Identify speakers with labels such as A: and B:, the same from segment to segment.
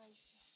A: Vai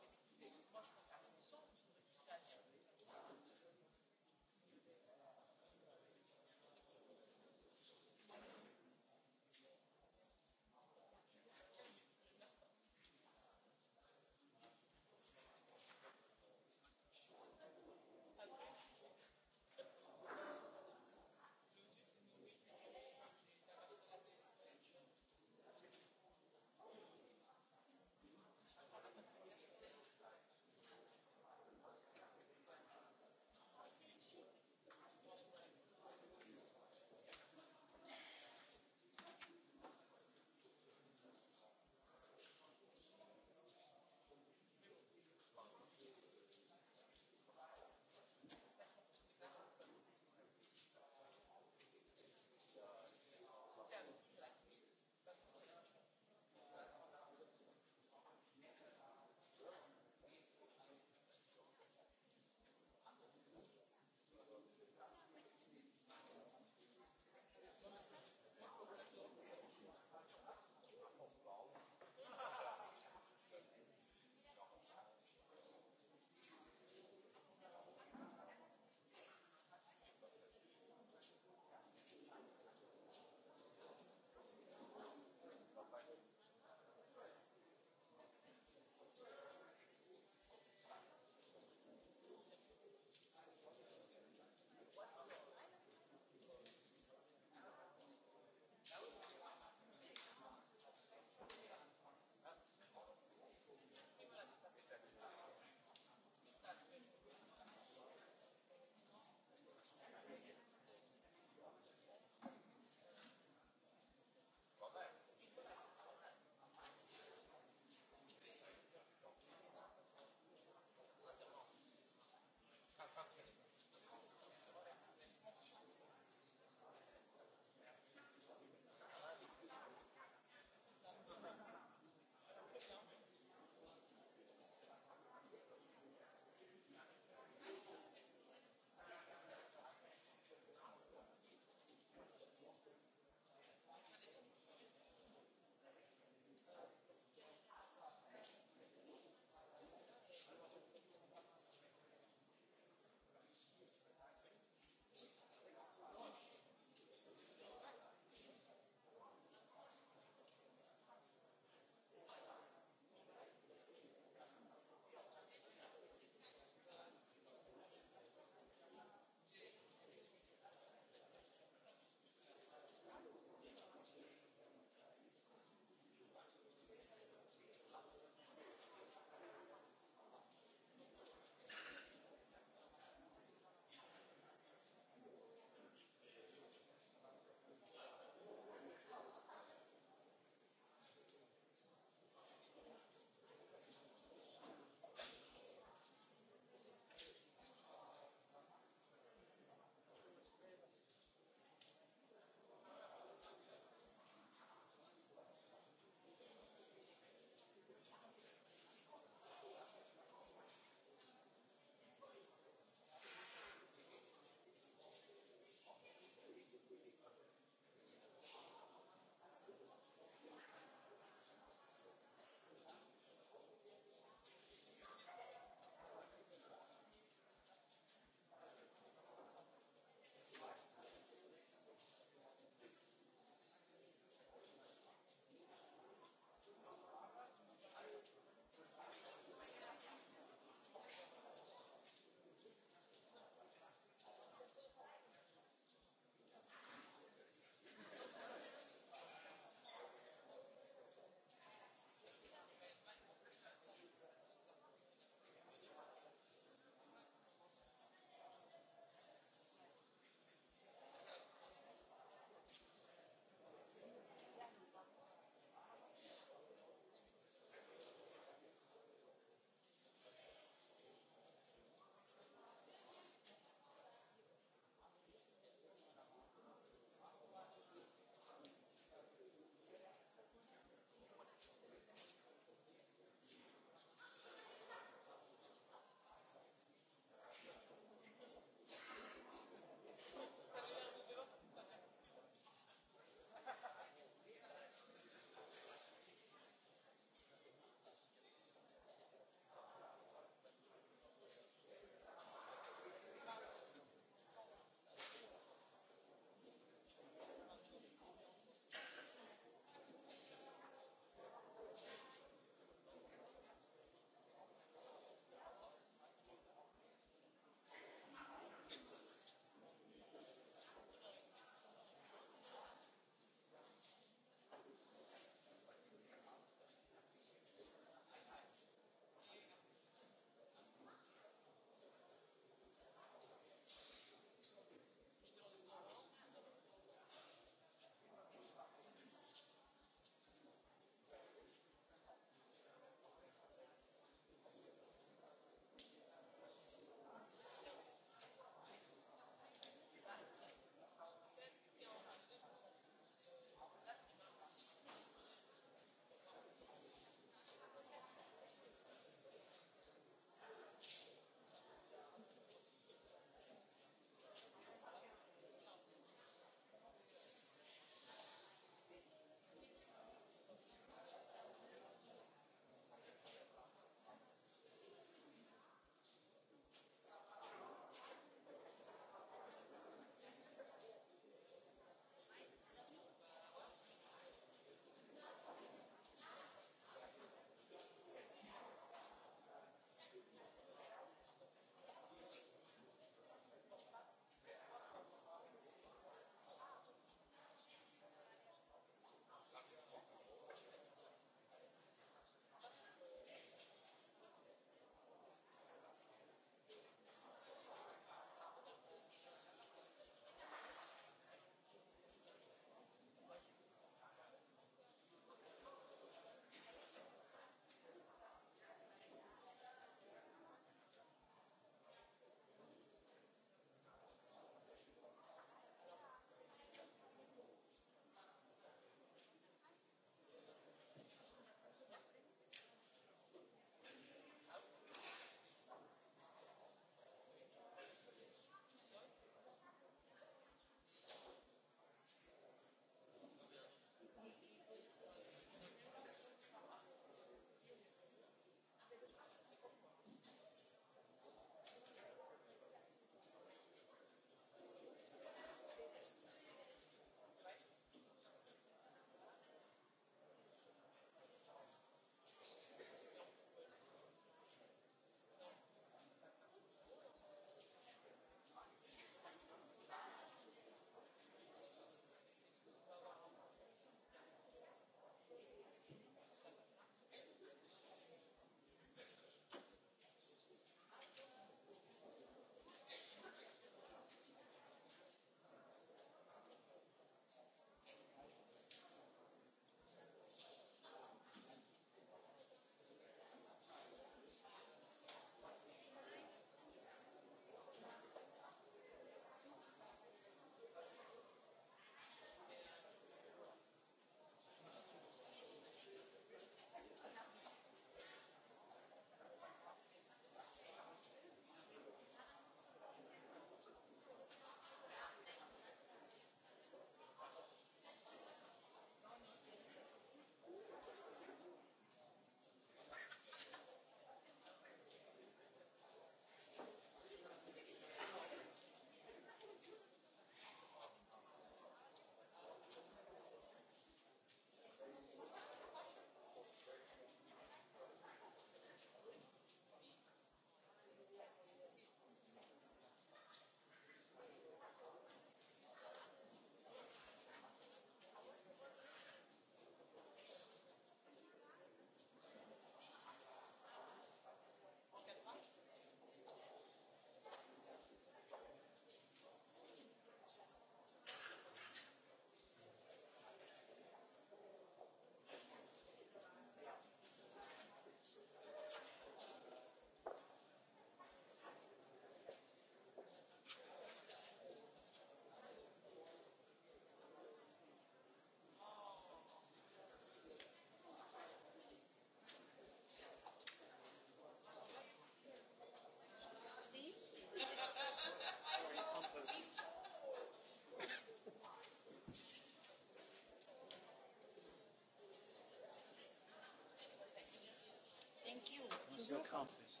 A: Monsieur Campus.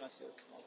A: Monsieur Campus.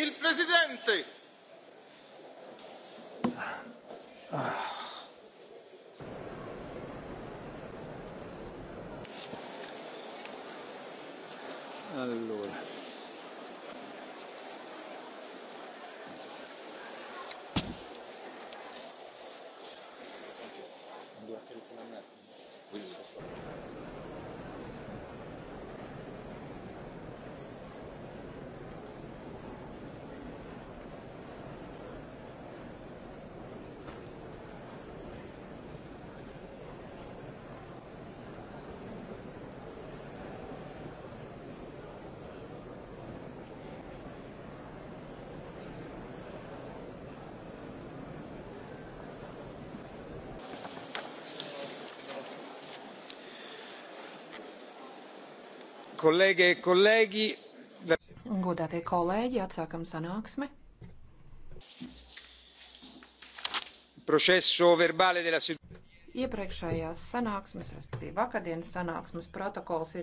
A: il presidente Kolēģi, kolēģi. Godātie kolēģi, atsākam sanāksmi. Proceso verbale della Iepriekšējās sanāksmes, respektīvi vakardienas sanāksmes protokols ir